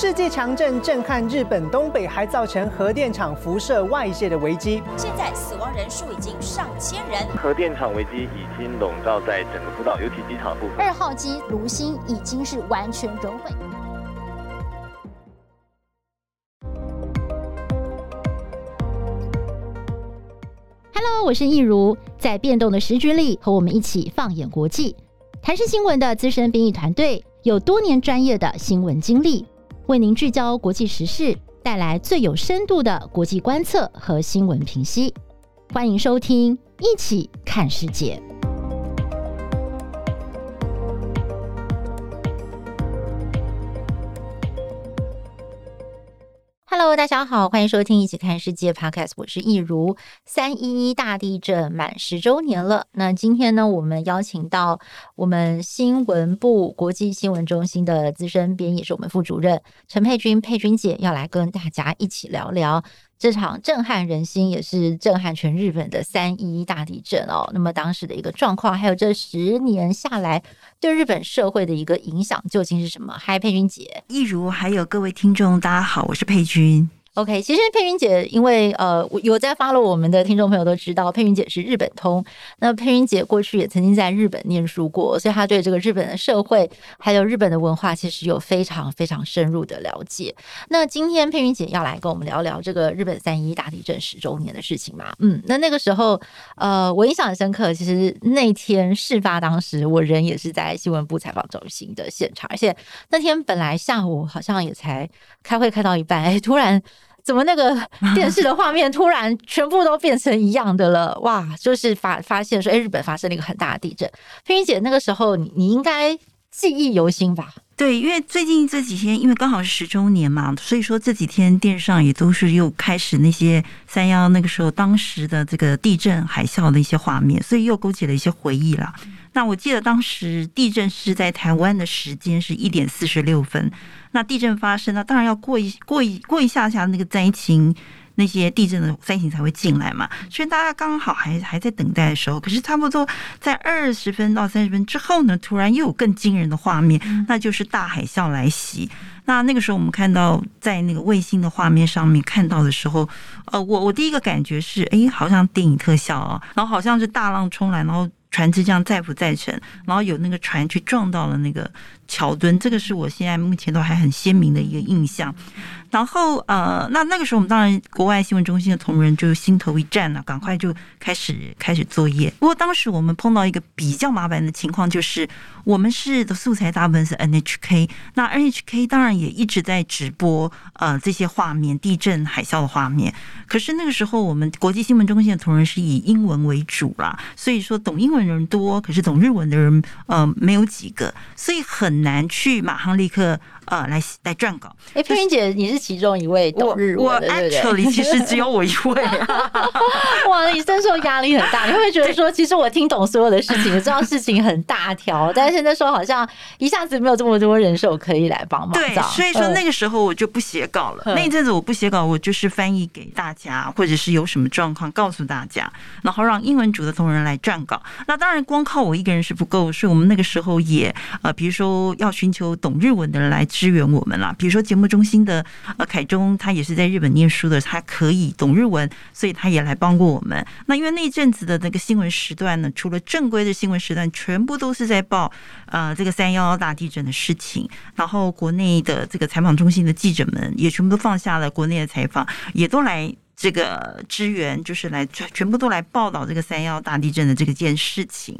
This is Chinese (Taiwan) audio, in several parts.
世界強震震撼日本東北，還造成核電廠輻射外泄的危機。現在死亡人數已經上千人，核電廠危機已經籠罩在整個福島，尤其機場部分，二號機爐芯已經是完全熔毀。Hello，我是益如，在變動的時局裡，和我們一起放眼國際。台視新聞的資深編譯團隊有多年專業的新聞經歷。為您聚焦國際時事，帶來最有深度的國際觀測和新聞評析。歡迎收聽，益起看世界。Hello，大家好，歡迎收聽益起看世界 Podcast，我是益如。三一一大地震滿十周年了，那今天呢，我們邀請到我們新聞部國際新聞中心的資深編譯，也是我們副主任陳佩君，佩君姐要來跟大家一起聊聊。這場震撼人心，也是震撼全日本的三一一大地震哦。那麼當時的一個狀況，還有這十年下來對日本社會的一個影響，究竟是什麼？嗨，佩君姐，益如還有各位聽眾，大家好，我是佩君。OK，其實佩君姐，因為呃，我有在 follow，我們的聽眾朋友都知道，佩君姐是日本通。那佩君姐過去也曾經在日本念書過，所以她對這個日本的社會還有日本的文化，其實有非常非常深入的了解。那今天佩君姐要來跟我們聊聊這個日本三一大地震十周年的事情嘛？嗯，那那個時候，呃，我印象很深刻。其實那天事發當時，我人也是在新聞部採訪中心的現場，而且那天本來下午好像也才開會開到一半，哎，突然。怎麼那個電視的畫面突然全部都變成一樣的了？哇，就是發發現說，誒，日本發生了一個很大的地震。佩君姐那個時候你，你你應該記憶猶新吧？對，因為最近這幾天，因為剛好是十周年嘛，所以說這幾天電視上也都是又開始那些三一一那個時候當時的這個地震海嘯的一些畫面，所以又勾起了一些回憶了。那我記得當時地震是在台灣的時間是一點四十六分。那地震發生，那當然要過一過一過一下下那個災情，那些地震的災情才會進來嘛。所以大家剛好還還在等待的時候，可是差不多在二十分到三十分之後呢，突然又有更驚人的畫面，那就是大海嘯來襲。那那個時候我們看到在那個衛星的畫面上面看到的時候，呃，我我第一個感覺是，哎、欸，好像電影特效啊，然後好像是大浪沖來，然後。船隻這樣載浮載沉，然後有那個船去撞到了那個。橋墩，這個是我現在目前都還很鮮明的一個印象。然後呃，那那個時候我們當然國外新聞中心的同仁就心頭一顫了，趕快就開始開始作業。不過當時我們碰到一個比較麻煩的情況，就是我們是的素材大部分是 NHK，那 NHK 當然也一直在直播呃這些畫面，地震、海嘯的畫面。可是那個時候我們國際新聞中心的同仁是以英文為主啦，所以說懂英文的人多，可是懂日文的人呃沒有幾個，所以很。難去，馬上立刻，呃，來來撰稿。哎，欸，佩君姐，就是，你是其中一位懂日文的，我，我 actually 其實只有我一位。 哇，你那時候，壓力很大，你會不會覺得說，其實我聽懂所有的事情，知道事情很大條，但是現在說好像一下子沒有這麼多人手可以來幫忙。對，所以說那個時候我就不寫稿了，嗯。那一陣子我不寫稿，我就是翻譯給大家，或者是有什麼狀況告訴大家，然後讓英文組的同仁來撰稿。那當然，光靠我一個人是不夠，所以我們那個時候也呃，比如說要尋求懂日文的人來。支援我們了，比如說節目中心的呃凱中，他也是在日本念書的，他可以懂日文，所以他也來幫過我們。那因為那陣子的那個新聞時段呢，除了正規的新聞時段，全部都是在報呃這個三幺幺大地震的事情。然後國內的這個採訪中心的記者們也全部都放下了國內的採訪，也都來這個支援，就是來全部都來報道這個三幺幺大地震的這個件事情。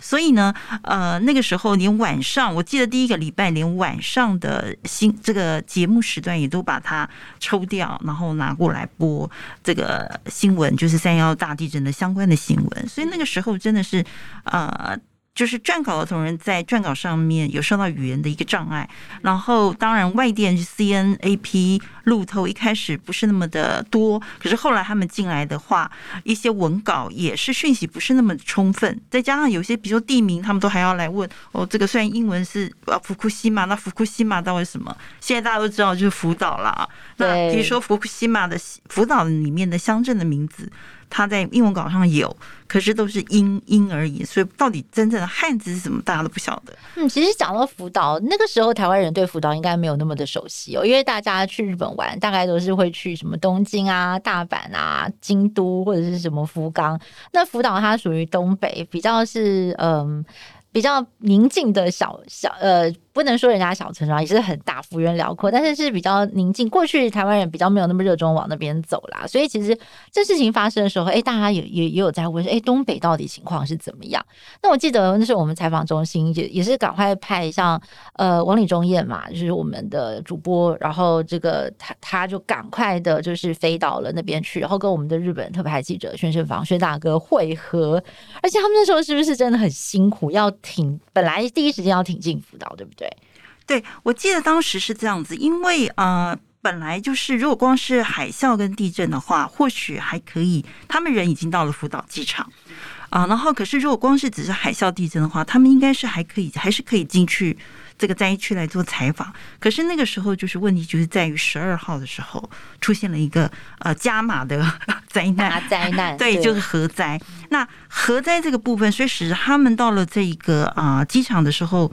所以呢，呃，那個時候連晚上，我記得第一個禮拜連晚上的新這個節目時段也都把它抽掉，然後拿過來播這個新聞，就是三一一大地震的相關的新聞。所以那個時候真的是，呃。就是撰稿的同仁在撰稿上面有受到語言的一個障礙，然後當然外電 CNAP 路透一開始不是那麼的多，可是後來他們進來的話，一些文稿也是訊息不是那麼充分，再加上有些比如說地名，他們都還要來問，哦，這個雖然英文是福庫西馬，那福庫西馬到底什麼？現在大家都知道就是福島了。對。那比如說福庫西馬的福島裡面的鄉鎮的名字。他在英文稿上有，可是都是音音而已，所以到底真正的漢字是什麼，大家都不曉得。嗯，其實講到福島，那個時候臺灣人對福島應該沒有那麼的熟悉哦，因為大家去日本玩，大概都是會去什麼東京啊、大阪啊、京都或者是什麼福岡。那福島它屬於東北，比較是嗯、呃、比較寧靜的小小呃。不能說人家小村莊，也是很大，幅員遼闊，但是是比較寧靜。過去台灣人比較沒有那麼熱衷往那邊走啦，所以其實這事情發生的時候，哎，大家也也也有在問，哎，東北到底情況是怎麼樣？那我記得那時候我們採訪中心也也是趕快派像呃王禮忠燕嘛，就是我們的主播，然後這個他他就趕快的就是飛到了那邊去，然後跟我們的日本特派記者宣誓房宣大哥匯合，而且他們那時候是不是真的很辛苦，要挺本來第一時間要挺進福島，對不對？對，我記得當時是這樣子，因為呃，本來就是如果光是海嘯跟地震的話，或許還可以，他們人已經到了福島機場啊、呃。然後，可是如果光是只是海嘯地震的話，他們應該是還可以，還是可以進去這個災區來做採訪。可是那個時候，就是問題就是在於十二號的時候出現了一個呃加碼的災難，災難 對，對，就是核災。那核災這個部分，所以使他們到了這一個啊、呃、機場的時候。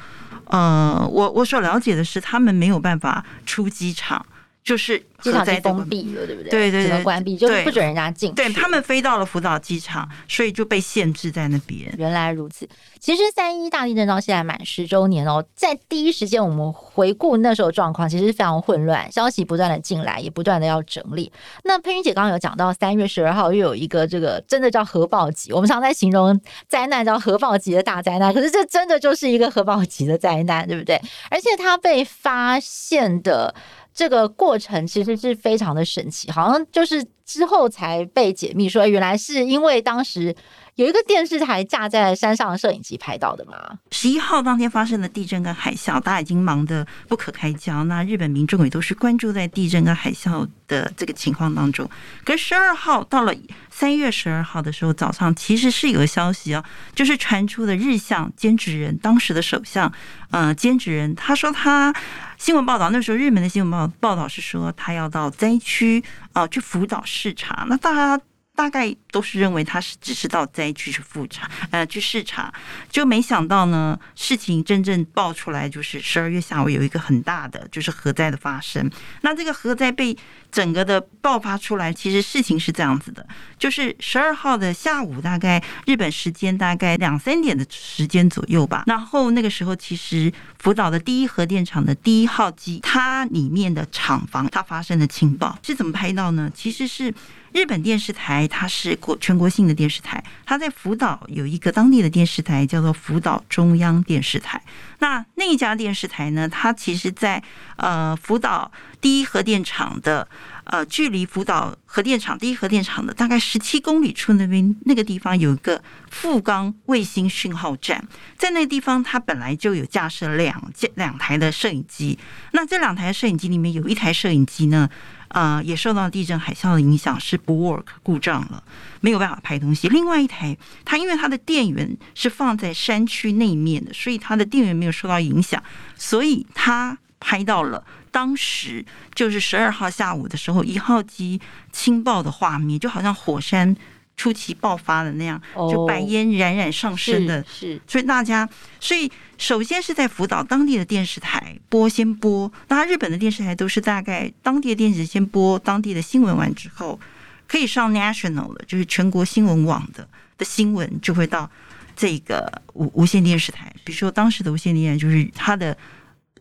嗯、呃，我我所了解的是，他們沒有辦法出機場。就是機場在封閉了，對不對？對對，只能關閉就是、不准人家進。對，對，他們飛到了福島機場，所以就被限制在那邊。原來如此。其實三一大地震到現在滿十周年哦，在第一時間我們回顧那時候狀況，其實非常混亂，消息不斷的進來，也不斷的要整理。那佩君姐剛剛有講到，三月十二號又有一個這個真的叫核爆級，我們常在形容災難叫核爆級的大災難，可是這真的就是一個核爆級的災難，對不對？而且它被發現的。這個過程其實是非常的神奇，好像就是之後才被解密，說原來是因為當時，有一個電視台架在山上的攝影機拍到的嗎？十一號當天發生的地震跟海嘯，大家已經忙得不可開交。那日本民眾也都是關注在地震跟海嘯的這個情況當中。可是十二號到了三月十二號的時候，早上其實是有個消息啊，就是傳出的日相菅直人，當時的首相，呃，菅直人他說他新聞報道那時候日本的新聞報報道是說他要到災區啊去輔導視察。那大家。大概都是認為他是只是到災區去複查呃去視察，就沒想到呢事情真正爆出來就是十二月下午有一個很大的就是核災的發生。那這個核災被整個的爆發出來，其實事情是這樣子的，就是十二號的下午大概日本時間大概兩三點的時間左右吧。然後那個時候其實福島的第一核電廠的第一號機它裡面的廠房它發生的情報是怎麼拍到呢？其實是。日本電視台它是國全國性的電視台，它在福島有一個當地的電視台，叫做福島中央電視台。那那一家電視台呢？它其實在呃福島第一核電廠的呃距離福島核電廠第一核電廠的大概十七公里處的那邊，那個地方有一個富岡衛星訊號站，在那個地方它本來就有架設兩架兩台的攝影機。那這兩台攝影機裡面有一台攝影機呢。啊、呃，也受到地震海嘯的影響，是不 work 故障了，沒有辦法拍東西。另外一台，它因為它的電源是放在山區那一面的，所以它的電源沒有受到影響，所以它拍到了當時就是十二號下午的時候，一號機氫爆的畫面，就好像火山，出奇爆發的那樣，oh, 就白煙冉冉上升的是，是，所以大家，所以首先是在福島當地的電視台播先播，那日本的電視台都是大概當地的電視先播當地的新聞完之後，可以上 national 的，就是全國新聞網的的新聞就會到這個無無線電視台，比如說當時的無線電視台就是它的，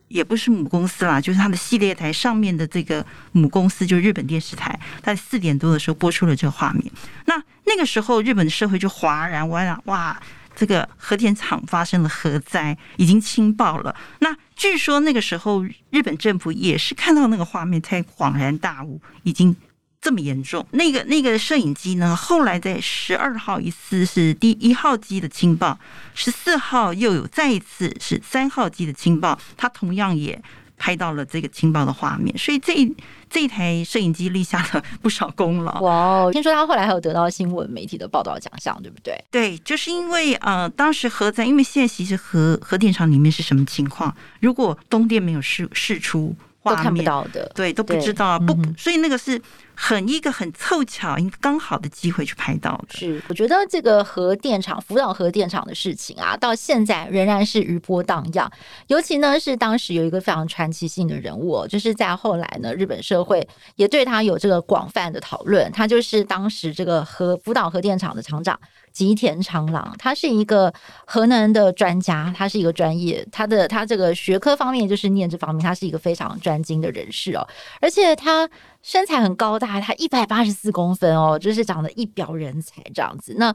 也不是母公司啦，就是它的系列台上面的這個母公司，就是日本電視台，在四點多的時候播出了這個畫面，那。那個時候，日本社會就嘩然，哇！這個核電廠發生了核災，已經氫爆了。那據說那個時候，日本政府也是看到那個畫面才恍然大悟，已經這麼嚴重。那個那個攝影機呢？後來在十二號一次是第一號機的氫爆，十四號又有再一次是三號機的氫爆，它同樣也。拍到了這個情報的畫面，所以這一這一台攝影機立下了不少功勞。哇哦，聽說他後來還有得到新聞媒體的報道獎項，對不對？對，就是因為呃，當時核在，因為現在其實核核電廠裡面是什麼情況？如果東電沒有釋出畫面，都看不到的，對，都不知道不，嗯，所以那個是。很一個很湊巧，一個剛好的機會去拍到的。是，我覺得這個核電廠福島核電廠的事情啊，到現在仍然是餘波盪漾。尤其呢，是當時有一個非常傳奇性的人物、哦，就是在後來呢，日本社會也對他有這個廣泛的討論。他就是當時這個核福島核電廠的廠長吉田長郎，他是一個核能的專家，他是一個專業，他的他這個學科方面就是念這方面，他是一個非常專精的人士哦，而且他。身材很高大，他一百八十四公分哦，就是長得一表人才這樣子。那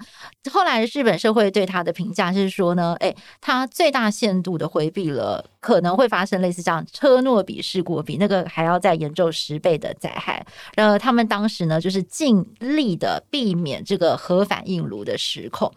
後來日本社會對他的評價是說呢，誒，他最大限度的回避了可能會發生類似這樣車諾比事故比那個還要再嚴重十倍的災害。然而他們當時呢，就是盡力的避免這個核反應爐的失控。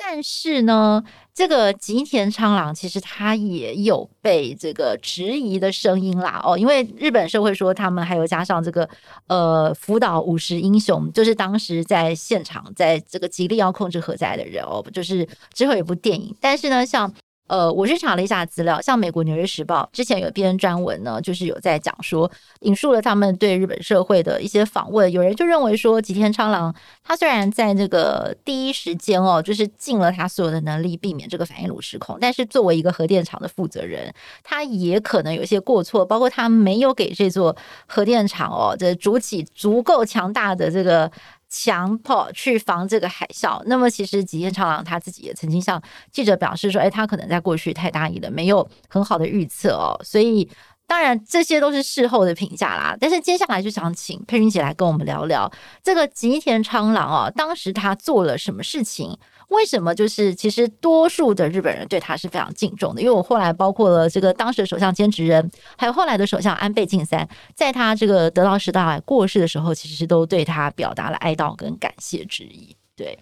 但是呢，這個吉田昌郎其實他也有被這個質疑的聲音啦。哦，因為日本社會說他們還有加上這個呃福島五十英雄，就是當時在現場在這個極力要控制核災的人哦，就是之後有一部電影。但是呢，像。呃，我去查了一下資料，像美國《紐約時報》之前有篇專文呢，就是有在講說，引述了他們對日本社會的一些訪問，有人就認為說，吉田昌郎他雖然在這個第一時間哦，就是盡了他所有的能力避免這個反應爐失控，但是作為一個核電廠的負責人，他也可能有些過錯，包括他沒有給這座核電廠哦的主體足夠強大的這個。強迫去防這個海嘯，那麼其實吉田昌郎他自己也曾經向記者表示說：“誒，哎，他可能在過去太大意了，沒有很好的預測哦。”所以當然這些都是事後的評價啦，但是接下來就想請佩君姐來跟我們聊聊這個吉田昌郎哦，當時他做了什麼事情？為什麼？就是其實多數的日本人對他是非常敬重的，因為我後來包括了這個當時的首相菅直人，還有後來的首相安倍晉三，在他這個得島市大過世的時候，其實都對他表達了哀悼跟感謝之意。對。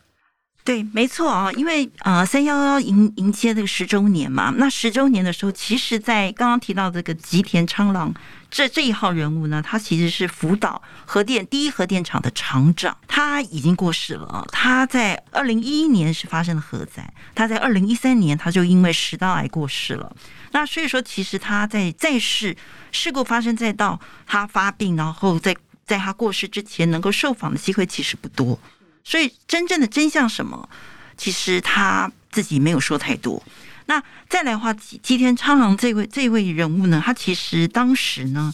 對，沒錯啊、哦，因為啊，三幺幺，迎迎接這個十周年嘛。那十周年的時候，其實，在剛剛提到這個吉田昌郎這這一號人物呢，他其實是福島核電第一核電廠的廠長，他已經過世了。他在二零一一年是發生了核災，他在二零一三年他就因為食道癌過世了。那所以說，其實他在在世，事故發生再到他發病，然後在在他過世之前能夠受訪的機會其實不多。所以，真正的真相什麼？其實他自己沒有說太多。那再來話，吉田昌郎這位這位人物呢，他其實當時呢。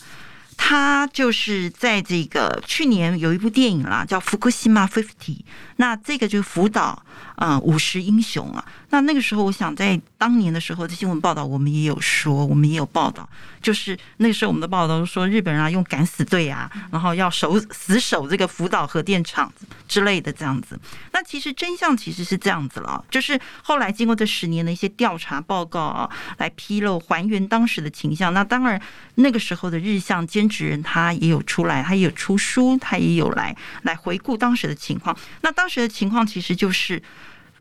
他就是在這個去年有一部電影啦，叫《Fukushima Fifty》。那這個就是福島啊，五、呃、十英雄啊。那那個時候，我想在當年的時候的新聞報道，我們也有說，我們也有報道，就是那個時候我們的報道說，日本人啊用敢死隊啊，然後要守死守這個福島核電廠之類的這樣子。那其實真相其實是這樣子了，就是後來經過這十年的一些調查報告啊，來披露還原當時的景象。那當然那個時候的日向堅持。人他也有出來，他也有出書，他也有來來回顧當時的情況。那當時的情況其實就是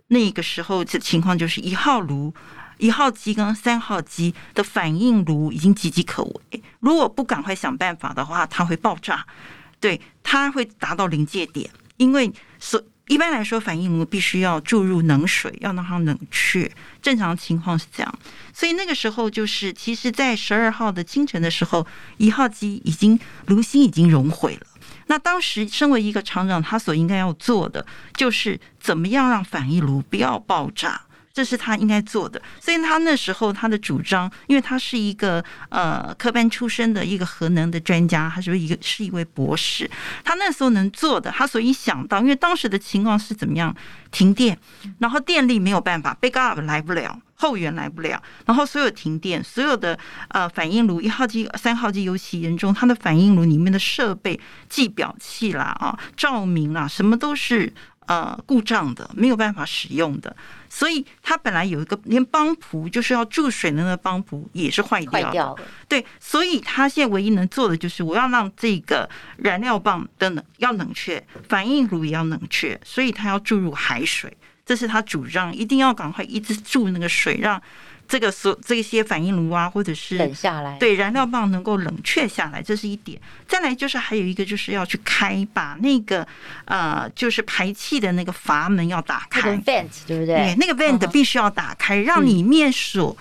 那個時候的情況就是，一號爐、一號機跟三號機的反應爐已經岌岌可危，如果不趕快想辦法的話，它會爆炸，對，它會達到臨界點，因為所。一般來說，反應爐必須要注入冷水，要讓它冷卻。正常情況是這樣，所以那個時候就是，其實，在十二號的清晨的時候，一號機已經爐心已經熔毀了。那當時身為一個廠長，他所應該要做的，就是怎麼樣讓反應爐不要爆炸。這是他應該做的，所以他那時候他的主張，因為他是一個呃科班出身的一個核能的專家，他是,是一個是一位博士，他那時候能做的，他所以想到，因為當時的情況是怎麼樣，停電，然後電力沒有辦法 backup 來不了，後援來不了，然後所有停電，所有的呃反應爐一號機、三號機尤其嚴重，它的反應爐裡面的設備計表器啦啊，照明啦，什麼都是。呃，故障的沒有辦法使用的，所以它本來有一個連泵浦，就是要注水的那個泵浦也是壞掉的，壞掉了。對，所以他現在唯一能做的就是，我要讓這個燃料棒的冷要冷卻，反應爐也要冷卻，所以他要注入海水，這是他主張，一定要趕快一直注那個水讓。這個所這些反應爐啊，或者是冷下來，對燃料棒，能夠冷卻下來，這是一點。再來就是還有一個，就是要去開，把那個呃，就是排氣的那個閥門要打開，這個 vent，對不對？對，那個 vent 必須要打開，嗯，讓裡面所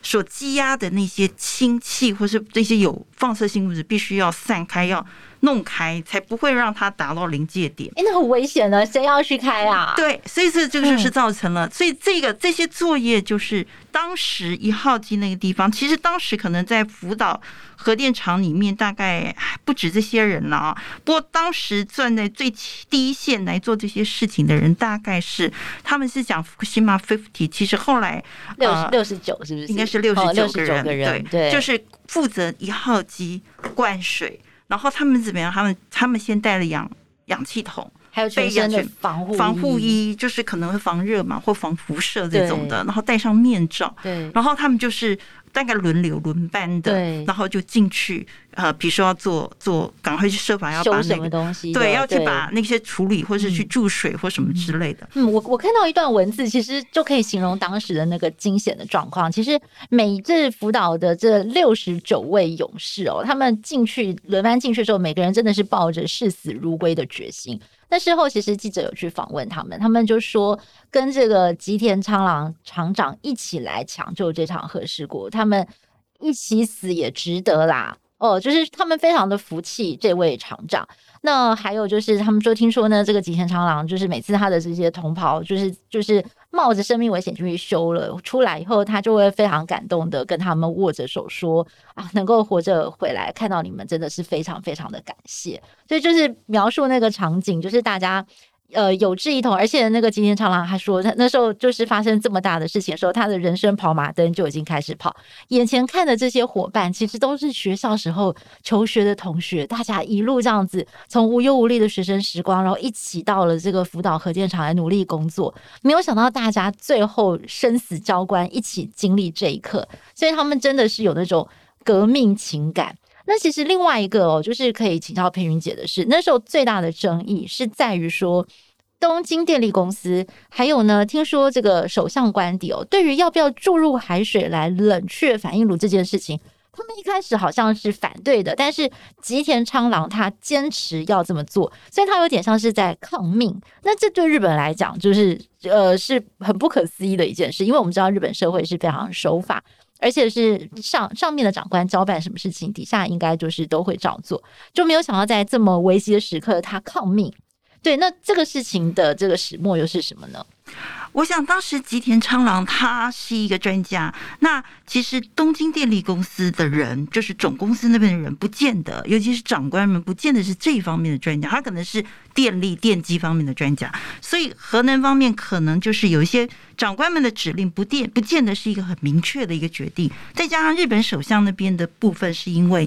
所積壓的那些氫氣或是這些有放射性物質必須要散開，要。弄開才不會讓它達到臨界點，那很危險的，誰要去開啊？對，所以這這個就是造成了，所以這個這些作業就是當時一號機那個地方，其實當時可能在福島核電廠裡面大概不止這些人了啊。不過當時站在最低一線來做這些事情的人，大概是他們是講 Fukushima 50，其實後來六六十九是不是？應該是六十九個人，對，就是負責一號機灌水。然後他們怎麼樣？他們他們先帶了氧氧氣筒，還有全身的防護防護衣，防護衣就是可能會防熱嘛，或防輻射這種的。然後戴上面罩，對。然後他們就是。大概輪流輪班的，然後就進去，呃，比如說要做做，趕快去設法要把那個、什麼東西，對，要去把那些處理，或是去注水、嗯、或什麼之類的。嗯，我我看到一段文字，其實就可以形容當時的那個驚險的狀況。其實，每次福島的這六十九位勇士哦，他們進去輪班進去的時候，每個人真的是抱着視死如歸的決心。但事後其實記者有去訪問他們，他們就說跟這個吉田昌郎廠長一起來搶救這場核事故，他們一起死也值得啦。哦，就是他們非常的服氣這位廠長。那還有就是他們說，聽說呢，這個吉田昌郎就是每次他的這些同袍，就是，就是就是。冒着生命危險去修了，出來以後他就會非常感動的跟他們握着手說：“啊，能夠活着回來，看到你們真的是非常非常的感謝。”所以就是描述那個場景，就是大家。呃，有志一同，而且那個吉田昌郎還說，他那時候就是發生這麼大的事情的時候，說他的人生跑馬燈就已經開始跑。眼前看的這些夥伴，其實都是學校時候求學的同學，大家一路這樣子，從無憂無慮的學生時光，然後一起到了這個福島核電廠來努力工作。沒有想到大家最後生死交關，一起經歷這一刻，所以他們真的是有那種革命情感。那其實另外一個哦，就是可以請教佩君姐的是，那時候最大的爭議是在於說，東京電力公司還有呢，聽說這個首相官邸哦，對於要不要注入海水來冷卻反應爐這件事情，他們一開始好像是反對的，但是吉田昌郎他堅持要這麼做，所以他有點像是在抗命。那這對日本來講，就是呃是很不可思議的一件事，因為我們知道日本社會是非常守法。而且是上上面的長官交辦什麼事情，底下應該就是都會照做，就沒有想到在這麼危急的時刻他抗命。對，那這個事情的這個始末又是什麼呢？我想，當時吉田昌郎他是一個專家。那其實東京電力公司的人，就是總公司那邊的人，不見得，尤其是長官們，不見得是這一方面的專家。他可能是電力電機方面的專家。所以，核能方面可能就是有一些長官們的指令不見不見得是一個很明確的一個決定。再加上日本首相那邊的部分，是因為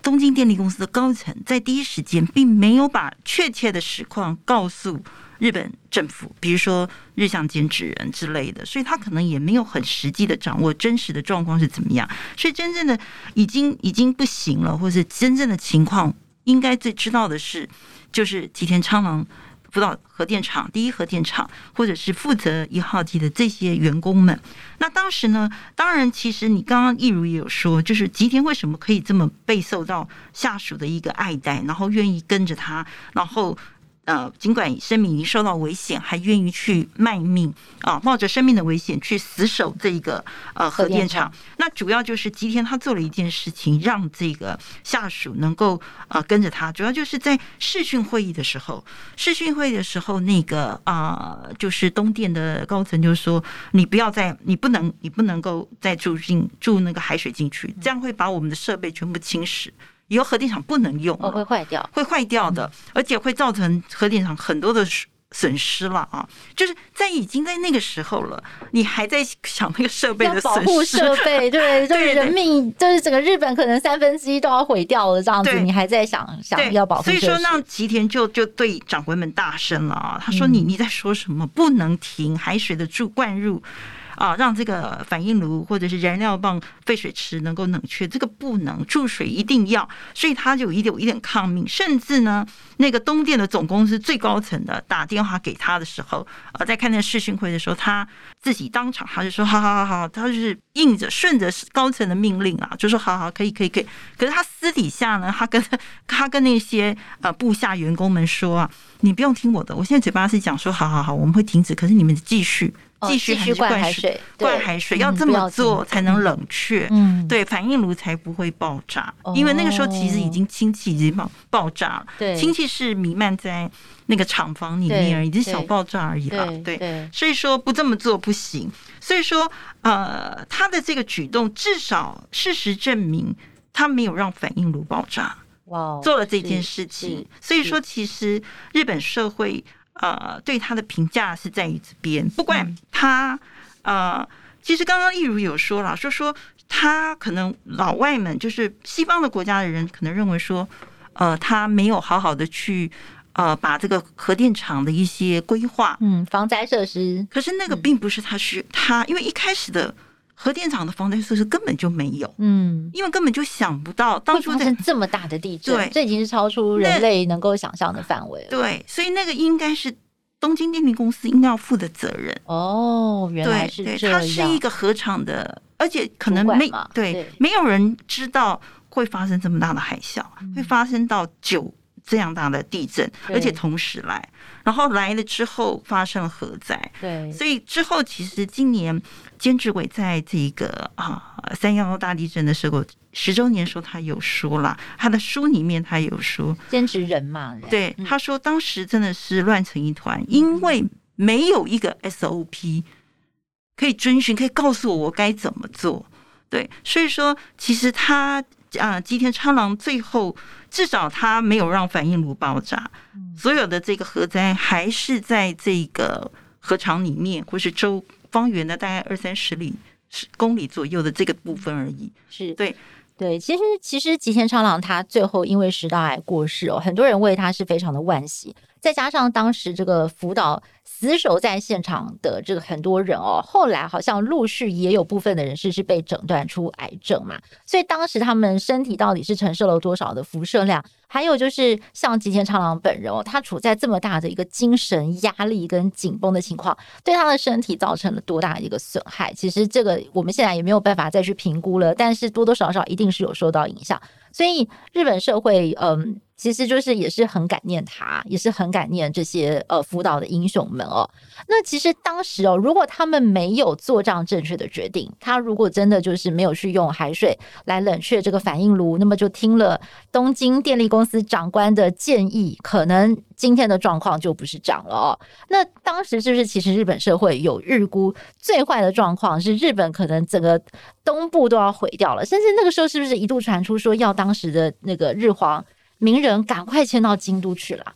東京電力公司的高層在第一時間並沒有把確切的實況告訴。日本政府，比如說日向、菅直人之類的，所以他可能也沒有很實際的掌握真實的狀況是怎麼樣。所以真正的已經已經不行了，或者是真正的情況，應該最知道的是，就是吉田昌郎福島核電廠第一核電廠，或者是負責一號機的這些員工們。那當時呢，當然，其實你剛剛益如也有說，就是吉田為什麼可以這麼備受到下屬的一個愛戴，然後願意跟着他，然後。呃，儘管生命已經受到危險，還願意去賣命啊，冒着生命的危險去死守這個呃核電廠。 那主要就是吉田他做了一件事情，讓這個下屬能夠啊、呃、跟着他。主要就是在視訊會議的時候，視訊會議的時候，那個啊、呃，就是東電的高層就是說：“你不要再，你不能，你不能夠再注進注那個海水進去，這樣會把我們的設備全部侵蝕。”以後核電廠不能用，哦，會壞掉，會壞掉的，嗯，而且會造成核電廠很多的損失了啊！就是在已經在那個時候了，你還在想那個設備的保護設備，對， 對，就是，人命，就是整個日本可能三分之一都要毀掉了，這樣子，你還在想想要保護。所以說那幾天，讓吉田就就對長官們大聲了啊！他說你：“你、嗯、你在說什麼？不能停海水的注灌入。”啊，讓這個反應爐或者是燃料棒廢水池能夠冷卻，這個不能注水，一定要，所以他就有一點有一點抗命，甚至呢，那個東電的總公司最高層的打電話給他的時候，呃，在看那個視訊會的時候，他自己當場他就說，好好好好，他就是硬着順着高層的命令啊，就說好好可以可以可以，可是他私底下呢，他跟他跟那些呃部下員工們說啊，你不用聽我的，我現在嘴巴是講說好好好好，我們會停止，可是你們繼續。繼續還是去灌水，灌海水，要這麼做才能冷卻，嗯。嗯，對，反應爐才不會爆炸，嗯。因為那個時候其實已經氫氣已經爆爆炸了。對，哦，氫氣是瀰漫在那個廠房裡面，已經小爆炸而已了對對。對，所以說不這麼做不行。所以說，呃，他的這個舉動至少事實證明他沒有讓反應爐爆炸。哇，做了這件事情。所以說，其實日本社會。呃，對他的評價是在於這邊，不管他，呃，其實剛剛益如有說了，說說他可能老外們就是西方的國家的人，可能認為說，呃，他沒有好好的去呃把這個核電廠的一些規劃，嗯，防災設施，可是那個並不是他是他，因為一開始的。核電廠的防災設施根本就沒有，嗯，因為根本就想不到當初會發生這麼大的地震，對，這已經是超出人類能夠想象的範圍了。對，所以那個應該是東京電力公司應該要負的責任。哦，原來是這樣。它是一個核廠的，嗯，而且可能沒對，對，沒有人知道會發生這麼大的海嘯，嗯，會發生到九這樣大的地震，而且同時來。然後來了之後發生了核災，對，所以之後其實今年菅直委在這個啊三幺幺大地震的時候十周年時候，他有說了，他的書裡面他有說，菅直人嘛，對，他說當時真的是亂成一團，嗯，因為沒有一個 SOP 可以遵循，可以告訴我我該怎麼做，對，所以說其實他。啊，吉田昌郎最後至少他沒有讓反應爐爆炸，嗯，所有的這個核災還是在這個核廠裡面，或是周方圓的大概二三十里、十公里左右的這個部分而已。是對對，其實其實吉田昌郎他最後因為食道癌過世哦，很多人為他是非常的惋惜，再加上當時這個福島。死守在現場的這個很多人哦，後來好像陸續也有部分的人士是被診斷出癌症嘛。所以當時他們身體到底是承受了多少的輻射量？還有就是像吉田昌郎本人哦，他處在這麼大的一個精神壓力跟緊繃的情況，對他的身體造成了多大一個損害？其實這個我們現在也沒有辦法再去評估了，但是多多少少一定是有受到影響。所以日本社會，嗯。其實就是也是很感念他，也是很感念這些呃福島的英雄們哦。那其實當時哦，如果他們沒有做這樣正確的決定，他如果真的就是沒有去用海水來冷卻這個反應爐，那麼就聽了東京電力公司長官的建議，可能今天的狀況就不是這樣了哦。那當時是不是其實日本社會有預估最壞的狀況是日本可能整個東部都要毀掉了？甚至那個時候是不是一度傳出說要當時的那個日皇？名人趕快遷到京都去了。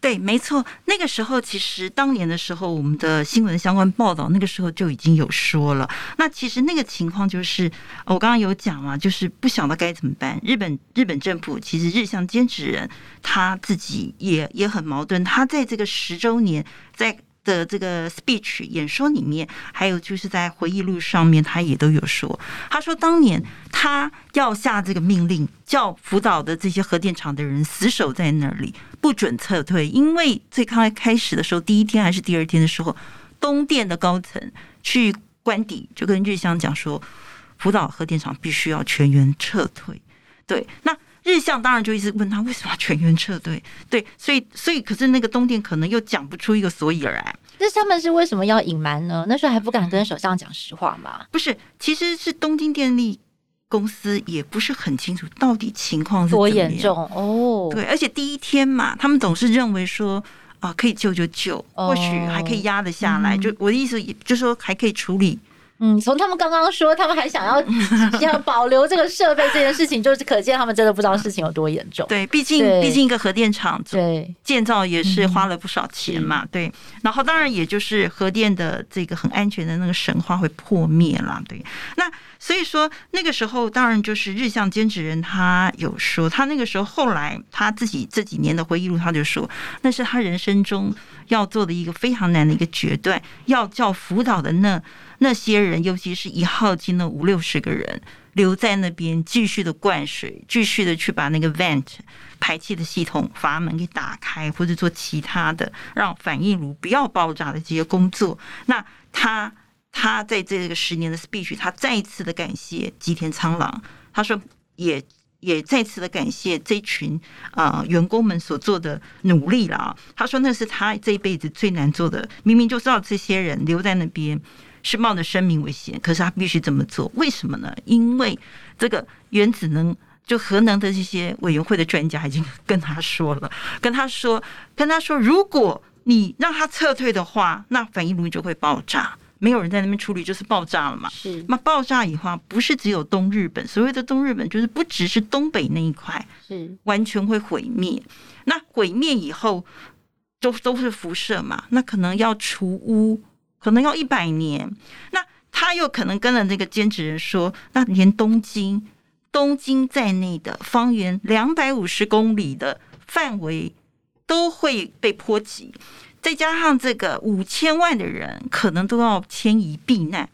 對，沒錯，那個時候其實當年的時候，我們的新聞相關報道，那個時候就已經有說了。那其實那個情況就是，我剛剛有講嘛，就是不曉得該怎麼辦。日本日本政府其實日相菅直人他自己也也很矛盾，他在這個十周年在。的這個 speech 演說裡面，還有就是在回憶錄上面，他也都有說，他說當年他要下這個命令，叫福島的這些核電廠的人死守在那裡，不准撤退，因為最剛開始的時候，第一天還是第二天的時候，東電的高層去官邸就跟日相講說，福島核電廠必須要全員撤退，對，那。日向當然就一直問他為什麼要全員撤退，對，對，所以所以可是那個東電可能又講不出一個所以然。那他們是為什麼要隱瞞呢？那時候還不敢跟首相講實話嘛？不是，其實是東京電力公司也不是很清楚到底情況是多嚴重哦。對，而且第一天嘛，他們總是認為說啊可以救就救，救，或許還可以壓得下來。哦、就我的意思，就說還可以處理。嗯，從他們剛剛說，他們還想要要保留這個設備這件事情， 就是可見他們真的不知道事情有多嚴重。對，畢竟畢竟一個核電廠，對，建造也是花了不少錢嘛，對對。對，然後當然也就是核電的這個很安全的那個神話會破滅了。對，那所以說那個時候，當然就是吉田昌郎他有說，他那個時候後來他自己這幾年的回憶錄，他就說那是他人生中要做的一個非常難的一個決斷，要叫福島的那。那些人，尤其是一號機的五六十個人留在那邊，繼續的灌水，繼續的去把那個 vent 排氣的系統閥門給打開，或者做其他的讓反應爐不要爆炸的這些工作。那他他在這個十年的 speech，他再一次的感謝吉田昌郎，他說也也再次的感謝這群啊、呃、員工們所做的努力了。他說那是他這一輩子最難做的，明明就知道這些人留在那邊。是冒着生命危險，可是他必須這麼做，為什麼呢？因為這個原子能，就核能的這些委員會的專家已經跟他說了，跟他說，跟他說，如果你讓他撤退的話，那反應爐就會爆炸，沒有人在那邊處理就是爆炸了嘛。是，那爆炸以後，不是只有東日本，所謂的東日本就是不只是東北那一塊，是完全會毀滅。那毀滅以後，都都是輻射嘛，那可能要除污。可能要一百年，那他又可能跟了那個菅直人說，那連東京、東京在內的方圓兩百五十公里的範圍都會被波及，再加上這個五千萬的人可能都要遷移避難。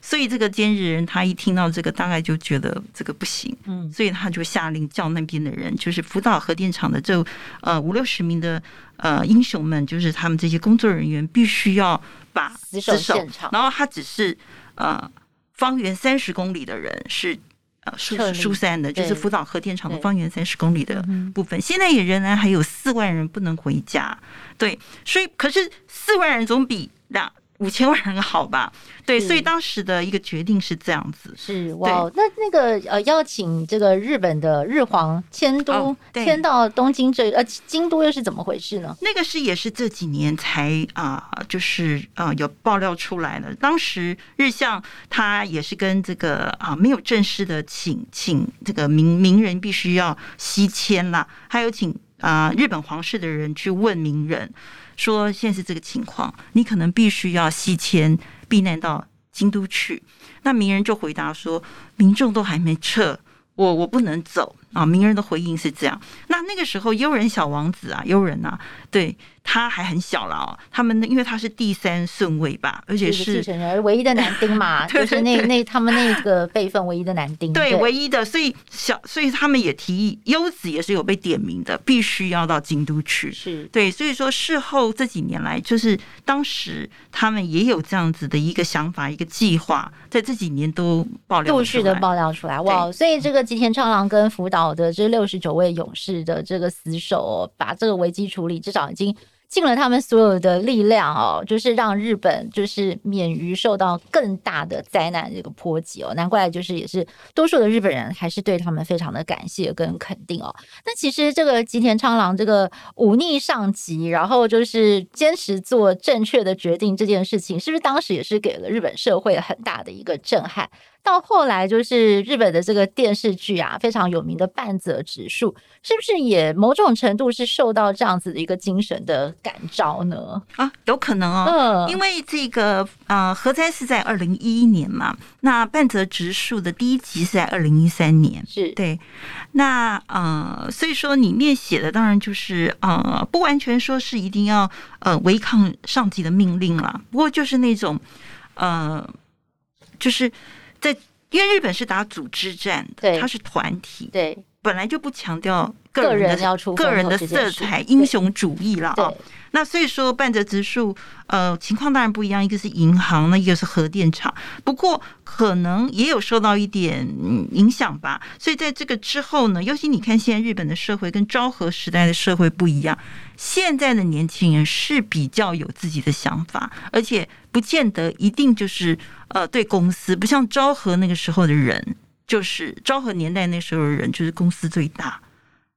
所以這個監日人他一聽到這個，大概就覺得這個不行，嗯，所以他就下令叫那邊的人，就是福島核電廠的這呃五六十名的呃英雄們，就是他們這些工作人員，必須要把死守現場，然後他只是呃方圓三十公里的人是呃疏散的，就是福島核電廠的方圓三十公里的部分，現在也仍然還有四萬人不能回家，對，所以可是四萬人總比兩五千萬人好吧，對，所以當時的一個決定是這樣子，是哇。那那個呃，邀請這個日本的日皇遷都遷到東京這，呃，京都又是怎麼回事呢？那個是也是這幾年才啊，就是啊有爆料出來的。當時日向他也是跟這個啊沒有正式的請請這個名名人必須要西遷了，還有請。啊、呃！日本皇室的人去問明仁，說：“現在是這個情況，你可能必須要西遷避難到京都去。”那明仁就回答說：“民眾都還沒撤，我我不能走。”啊，名人的回應是這樣。那那個時候，悠仁小王子啊，悠仁啊，對他還很小了哦。他們因為他是第三順位吧，而且是繼承人，而唯一的男丁嘛， 對對對，就是那那他們那個輩分唯一的男丁對，對，唯一的。所以小，所以他們也提議，優子也是有被點名的，必須要到京都去。是對，所以說事後這幾年來，就是當時他們也有這樣子的一個想法，一個計劃，在這幾年都爆料出來，陸續的爆料出來哇。所以這個吉田昌郎跟福島。好的，這六十九位勇士的這個死守哦，把這個危機處理，至少已經盡了他們所有的力量哦，就是讓日本就是免於受到更大的災難這個波及哦。難怪就是也是多數的日本人還是對他們非常的感謝跟肯定哦。那其實這個吉田昌郎這個忤逆上級，然後就是堅持做正確的決定這件事情，是不是當時也是給了日本社會很大的一個震撼？到後來就是日本的這個電視劇啊，非常有名的半澤直樹，是不是也某種程度是受到這樣子的一個精神的感召呢？啊，有可能哦，嗯，因為這個呃，核災是在二零一一年嘛，那半澤直樹的第一集是在二零一三年，是對，那呃，所以說裡面寫的當然就是呃，不完全說是一定要呃違抗上級的命令了，不過就是那種呃，就是。在，因為日本是打組織戰的，它是團體，對，本來就不強調個人的個人要出，個人的色彩、英雄主義了，哦。那所以說，半澤直樹，呃，情況當然不一樣，一個是銀行，那一個是核電廠，不過可能也有受到一點影響吧。所以在這個之後呢，尤其你看現在日本的社會跟昭和時代的社會不一樣，現在的年輕人是比較有自己的想法，而且。不見得一定就是呃，對公司不像昭和那個時候的人，就是昭和年代那時候的人，就是公司最大，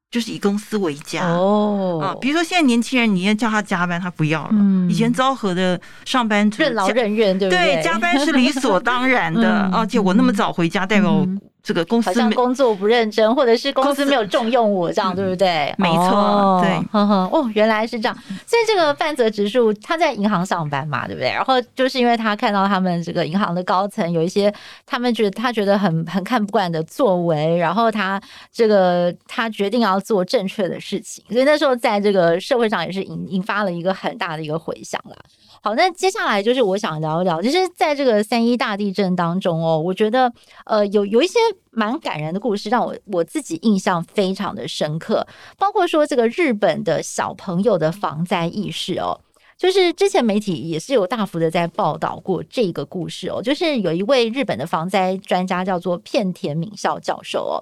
就是以公司為家哦啊、oh. 呃。比如說現在年輕人，你要叫他加班，他不要了。嗯、以前昭和的上班族任勞任怨，對，任勞對不對，對？加班是理所當然的，而且我那麼早回家，代表、嗯。嗯這個公司好像工作不認真，或者是公司沒有重用我，這樣、嗯、對不對？沒錯，oh, 對，呵呵，哦，原來是這樣。所以這個半澤直樹他在銀行上班嘛，對不對？然後就是因為他看到他們這個銀行的高層有一些，他們覺得他覺得很很看不慣的作為，然後他這個他決定要做正確的事情。所以那時候在這個社會上也是引引發了一個很大的一個回響啦。好，那接下來就是我想聊一聊，就是在這個三一大地震當中哦，我覺得呃有有一些。蠻感人的故事，讓我我自己印象非常的深刻。包括說這個日本的小朋友的防災意識哦，就是之前媒體也是有大幅的在報道過這個故事哦。就是有一位日本的防災專家叫做片田敏孝教授哦，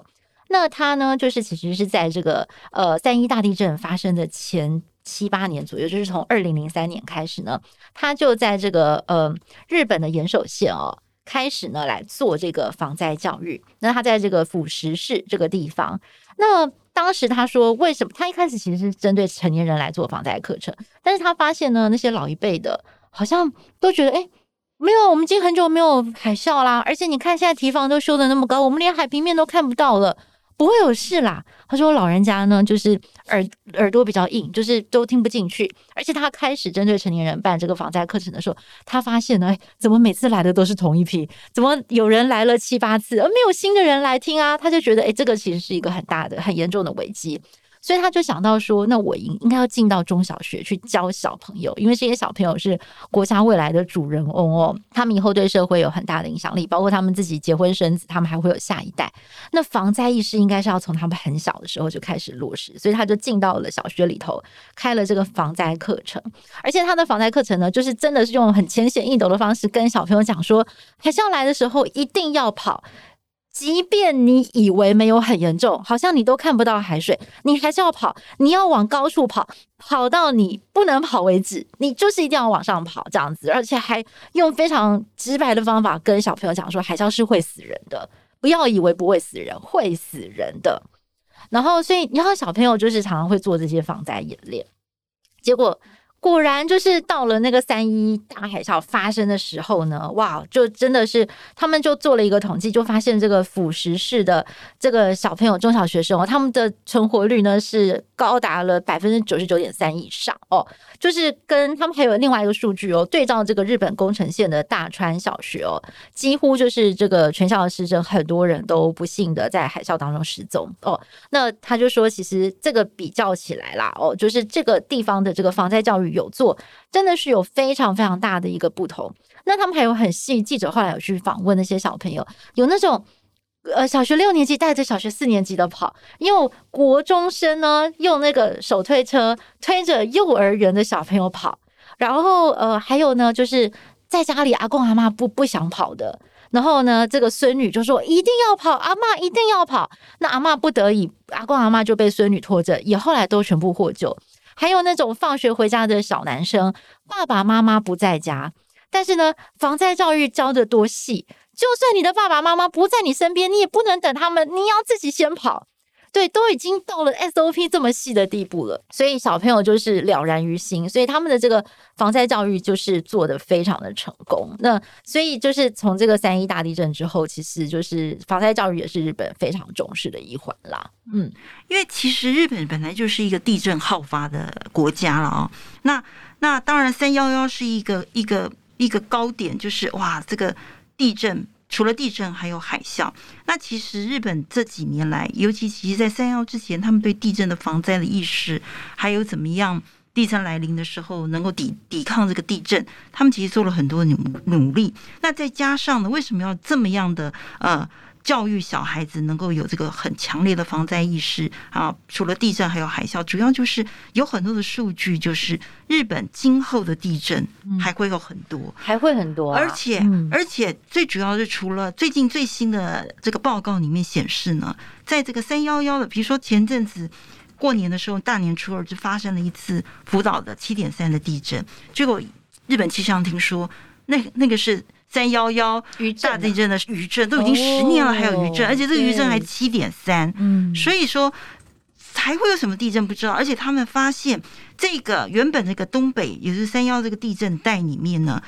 那他呢，就是其實是在這個呃三一大地震發生的前七八年左右，就是從二零零三年開始呢，他就在這個呃日本的岩手縣哦，開始呢，來做這個防災教育。那他在這個釜石市這個地方，那當時他說為什麼？他一開始其實是針對成年人來做防災課程，但是他發現呢，那些老一輩的好像都覺得，哎、欸，沒有，我們已經很久沒有海嘯啦，而且你看現在堤防都修的那麼高，我們連海平面都看不到了。不會有事啦。他說老人家呢，就是耳耳朵比較硬，就是都聽不進去。而且他開始針對成年人辦這個防災課程的時候，他發現呢，哎，怎麼每次來的都是同一批？怎麼有人來了七八次，而沒有新的人來聽啊？他就覺得，誒，哎，這個其實是一個很大的、很嚴重的危機。所以他就想到說，那我應應該要進到中小學去教小朋友，因為這些小朋友是國家未來的主人翁哦，他們以後對社會有很大的影響力，包括他們自己結婚生子，他們還會有下一代。那防災意識應該是要從他們很小的時候就開始落實，所以他就進到了小學裡頭，開了這個防災課程。而且他的防災課程呢，就是真的是用很淺顯易懂的方式跟小朋友講說，海嘯來的時候一定要跑。即便你以為沒有很嚴重，好像你都看不到海水，你還是要跑，你要往高處跑，跑到你不能跑為止，你就是一定要往上跑這樣子，而且還用非常直白的方法跟小朋友講說，海嘯是會死人的，不要以為不會死人，會死人的。然後，所以你要小朋友就是常常會做這些防災演練，結果。果然就是到了那個三一大海嘯發生的時候呢，哇，就真的是他們就做了一個統計，就發現這個釜石市的這個小朋友、中小學生、哦，他們的存活率呢是高達了百分之九十九點三以上哦。就是跟他們還有另外一個數據哦，對照這個日本宮城縣的大川小學哦，幾乎就是這個全校的師生很多人都不幸的在海嘯當中失蹤哦。那他就說，其實這個比較起來啦，哦，就是這個地方的這個防災教育。有做，真的是有非常非常大的一個不同。那他們還有很吸引記者後來有去訪問那些小朋友，有那種呃小學六年級帶着小學四年級的跑，用國中生呢用那個手推車推着幼兒園的小朋友跑，然後呃還有呢就是在家裡阿公阿嬤不不想跑的，然後呢這個孫女就說一定要跑，阿嬤一定要跑，那阿嬤不得已，阿公阿嬤就被孫女拖着，也後來都全部獲救。還有那種放學回家的小男生，爸爸媽媽不在家，但是呢，防災教育教的多細，就算你的爸爸媽媽不在你身邊，你也不能等他們，你要自己先跑。對，都已經到了 SOP 這麼細的地步了，所以小朋友就是了然於心，所以他們的這個防災教育就是做得非常的成功。那所以就是從這個三一大地震之後，其實就是防災教育也是日本非常重視的一環啦。嗯，因為其實日本本來就是一個地震好發的國家了啊、哦。那那當然三一一是一個一個一個高點，就是哇，這個地震。除了地震，還有海嘯。那其實日本這幾年來，尤其其實在三一一之前，他們對地震的防災的意識，還有怎麼樣地震來臨的時候能夠抵抵抗這個地震，他們其實做了很多努努力。那再加上呢，為什麼要這麼樣的呃？教育小孩子能夠有這個很強烈的防災意識啊，除了地震，還有海嘯，主要就是有很多的數據，就是日本今後的地震還會有很多，嗯、還會很多、啊，而且、嗯、而且最主要是，除了最近最新的這個報告裡面顯示呢，在這個三一一的，比如說前陣子過年的時候，大年初二就發生了一次福島的七點三的地震，結果日本氣象廳說，那那個是。三幺幺大地震的餘震都已經十年了，還有餘震，oh, 而且這個餘震還七點三，所以說還會有什麼地震不知道。而且他們發現，這個原本這個東北，也就是三幺這個地震帶裡面呢，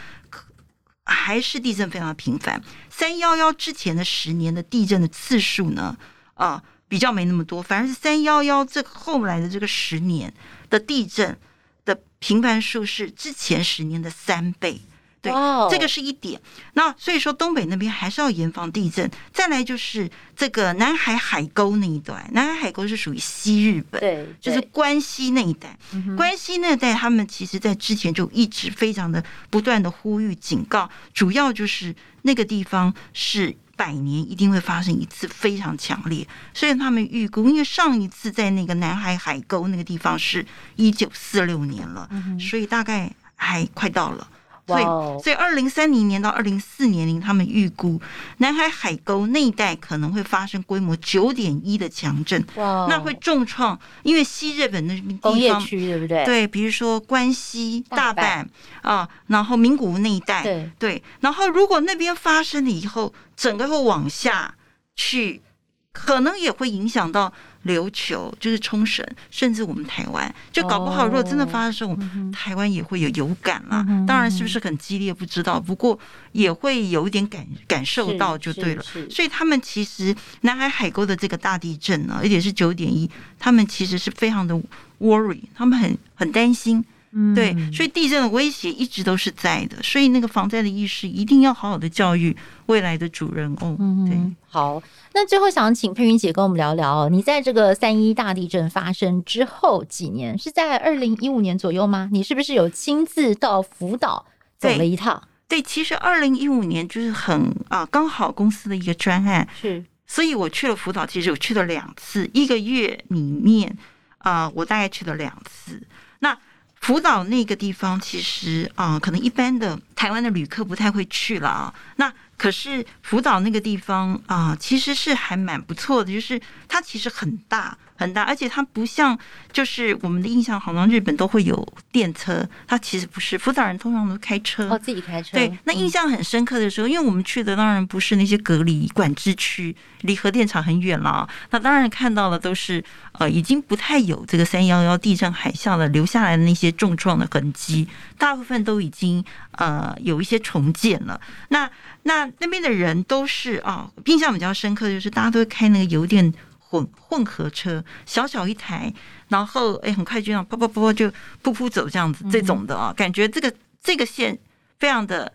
還是地震非常頻繁。三幺幺之前的十年的地震的次數呢，啊、呃，比較沒那麼多，反而是三幺幺這個後來的這個十年的地震的頻繁數是之前十年的三倍。對，oh. 這個是一點。那所以說，東北那邊還是要嚴防地震。再來就是這個南海海溝那一段，南海海溝是屬於西日本，對，對，就是關西那一帶。Mm -hmm. 關西那一帶，他們其實在之前就一直非常的不斷的呼籲警告，主要就是那個地方是百年一定會發生一次非常強烈。雖然他們預估，因為上一次在那個南海海溝那個地方是一九四六年了，mm -hmm. 所以大概還快到了。所、wow, 以，所以二零三零年到二零四零年齡，他們預估南海海溝那一帶可能會發生規模九點一的強震，wow, 那會重創因為西日本那地方，工業區，對不對？對，比如說關西、大阪啊，呃，然後名古屋那一帶，對，然後如果那邊發生了以後，整個會往下去，可能也會影響到。琉球就是沖繩，甚至我們台灣，就搞不好如果真的發生，oh, 台灣也會有有感啊，mm -hmm. 當然是不是很激烈不知道，不過也會有一點感感受到就對了。所以他們其實南海海溝的這個大地震呢，而且是九點一，他們其實是非常的 worry, 他們很很擔心。對，所以地震的威脅一直都是在的，所以那個防災的意識一定要好好的教育未來的主人翁嗯、哦，對嗯，好，那最後想請佩君姐跟我們聊聊，你在這個三一大地震發生之後幾年，是在二零一五年左右嗎？你是不是有親自到福島走了一趟？對，對，其實二零一五年就是很啊，剛好公司的一個專案是，所以我去了福島，其實我去了兩次，一個月裡面啊、呃，我大概去了兩次。那福島那個地方，其實啊，可能一般的台灣的旅客不太會去了啊。那可是福島那個地方啊，其實是還蠻不錯的，就是它其實很大。很大，而且它不像，就是我們的印象，好像日本都會有電車，它其實不是，福島人通常都開車，哦，自己開車。對，嗯、那印象很深刻的時候，因為我們去的當然不是那些隔離管制區，離核電廠很遠了，那當然看到的都是，呃，已經不太有這個三一一地震海嘯的留下來的那些重創的痕跡，大部分都已經呃有一些重建了。那那那邊的人都是啊，印、哦、象比較深刻的就是大家都會開那個油電。混混合車，小小一台，然後哎、欸，很快就讓啪啪啪就噗噗，就噗噗走這樣子，這種的啊、哦，感覺這個這個線非常的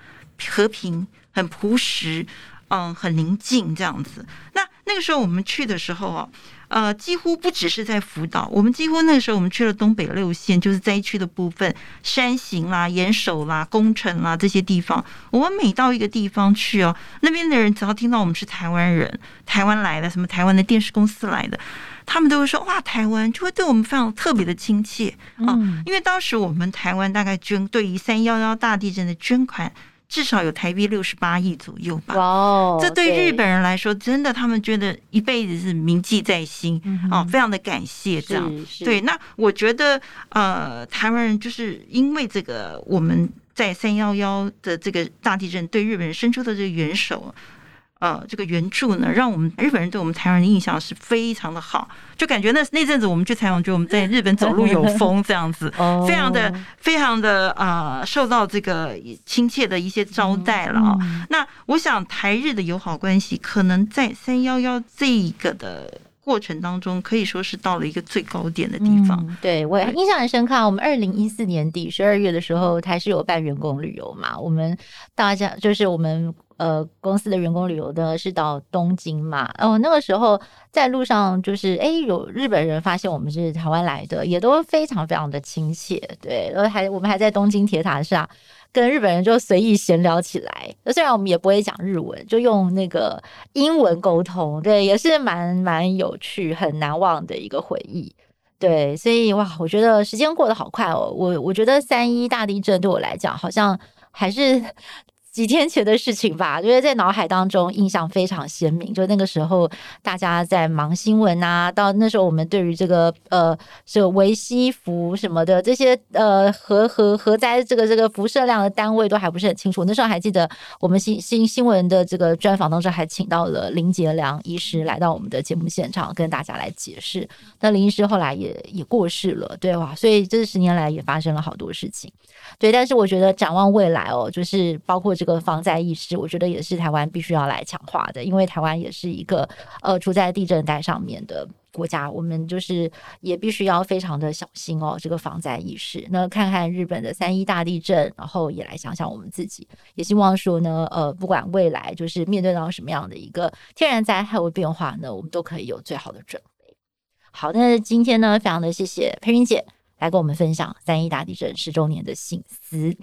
和平，很樸實，嗯，很寧靜這樣子。那那個時候我們去的時候啊，呃，幾乎不只是在福島，我們幾乎那個時候我們去了東北六縣，就是災區的部分，山形啦、岩手啦、宮城啦這些地方。我們每到一個地方去哦，那邊的人只要聽到我們是台灣人，台灣來的，什麼台灣的電視公司來的，他們都會說哇，台灣就會對我們非常特別的親切啊。因為當時我們台灣大概捐對於三一一大地震的捐款。至少有台幣六十八億左右吧。這對日本人來說，真的，他們覺得一輩子是銘記在心啊，非常的感謝這樣。對，那我覺得，呃，台灣人就是因為這個，我們在三幺幺的這個大地震對日本人伸出的這個援手。呃，這個援助呢，讓我們日本人對我們台灣人的印象是非常的好，就感覺那那陣子我們去台灣，就我們在日本走路有風這樣子， 哦、非常的非常的呃，受到這個親切的一些招待了啊、嗯嗯。那我想台日的友好關係，可能在三一一這個的過程當中，可以說是到了一個最高點的地方。嗯、對我也印象很深刻，我們二零一四年底十二月的時候，台視有辦員工旅遊嘛，我們大家就是我們。呃，公司的員工旅遊的是到東京嘛。哦，那個時候在路上就是，誒、欸，有日本人發現我們是台灣來的，也都非常非常的親切，對，都還我們還在東京鐵塔上跟日本人就隨意閒聊起來。那雖然我們也不會講日文，就用那個英文溝通，對，也是蠻蠻有趣、很難忘的一個回憶。對，所以哇，我覺得時間過得好快哦。我我覺得三一一大地震對我來講，好像還是幾天前的事情吧，因為在腦海當中印象非常鮮明。就那個時候，大家在忙新聞啊。到那時候，我們對於這個呃，這微西弗什麼的這些呃，核核核災這個這個輻射量的單位都還不是很清楚。那時候還記得我們新新新聞的這個專訪，當中還請到了林杰良醫師來到我們的節目現場，跟大家來解釋。那林醫師後來也也過世了，對吧？所以這十年來也發生了好多事情。對，但是我覺得展望未來哦，就是包括這個。個防災意識，我覺得也是台灣必須要來強化的，因為台灣也是一個呃處在地震帶上面的國家，我們就是也必須要非常的小心哦。這個防災意識，那看看日本的三一大地震，然後也來想想我們自己，也希望說呢，呃，不管未來就是面對到什麼樣的一個天然災害或變化呢，我們都可以有最好的準備。好，那今天呢，非常的謝謝佩君姐。來跟我們分享三一大地震十周年的心思。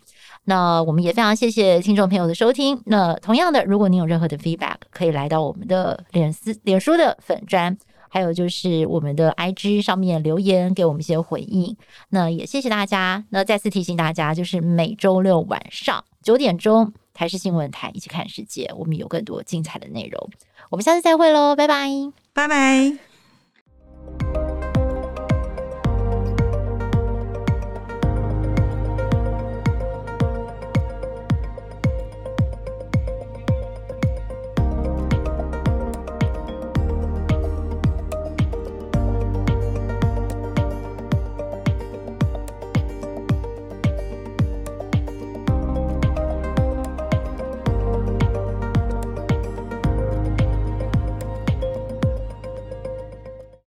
那我們也非常謝謝聽眾朋友的收聽。那同樣的，如果您有任何的 feedback，可以來到我們的臉絲、臉書的粉專，還有就是我們的 IG 上面留言，給我們一些回應。那也謝謝大家。那再次提醒大家，就是每周六晚上九點鐘，台視新聞台益起看世界，我們有更多精彩的內容。我們下次再會嘍，拜拜，拜拜。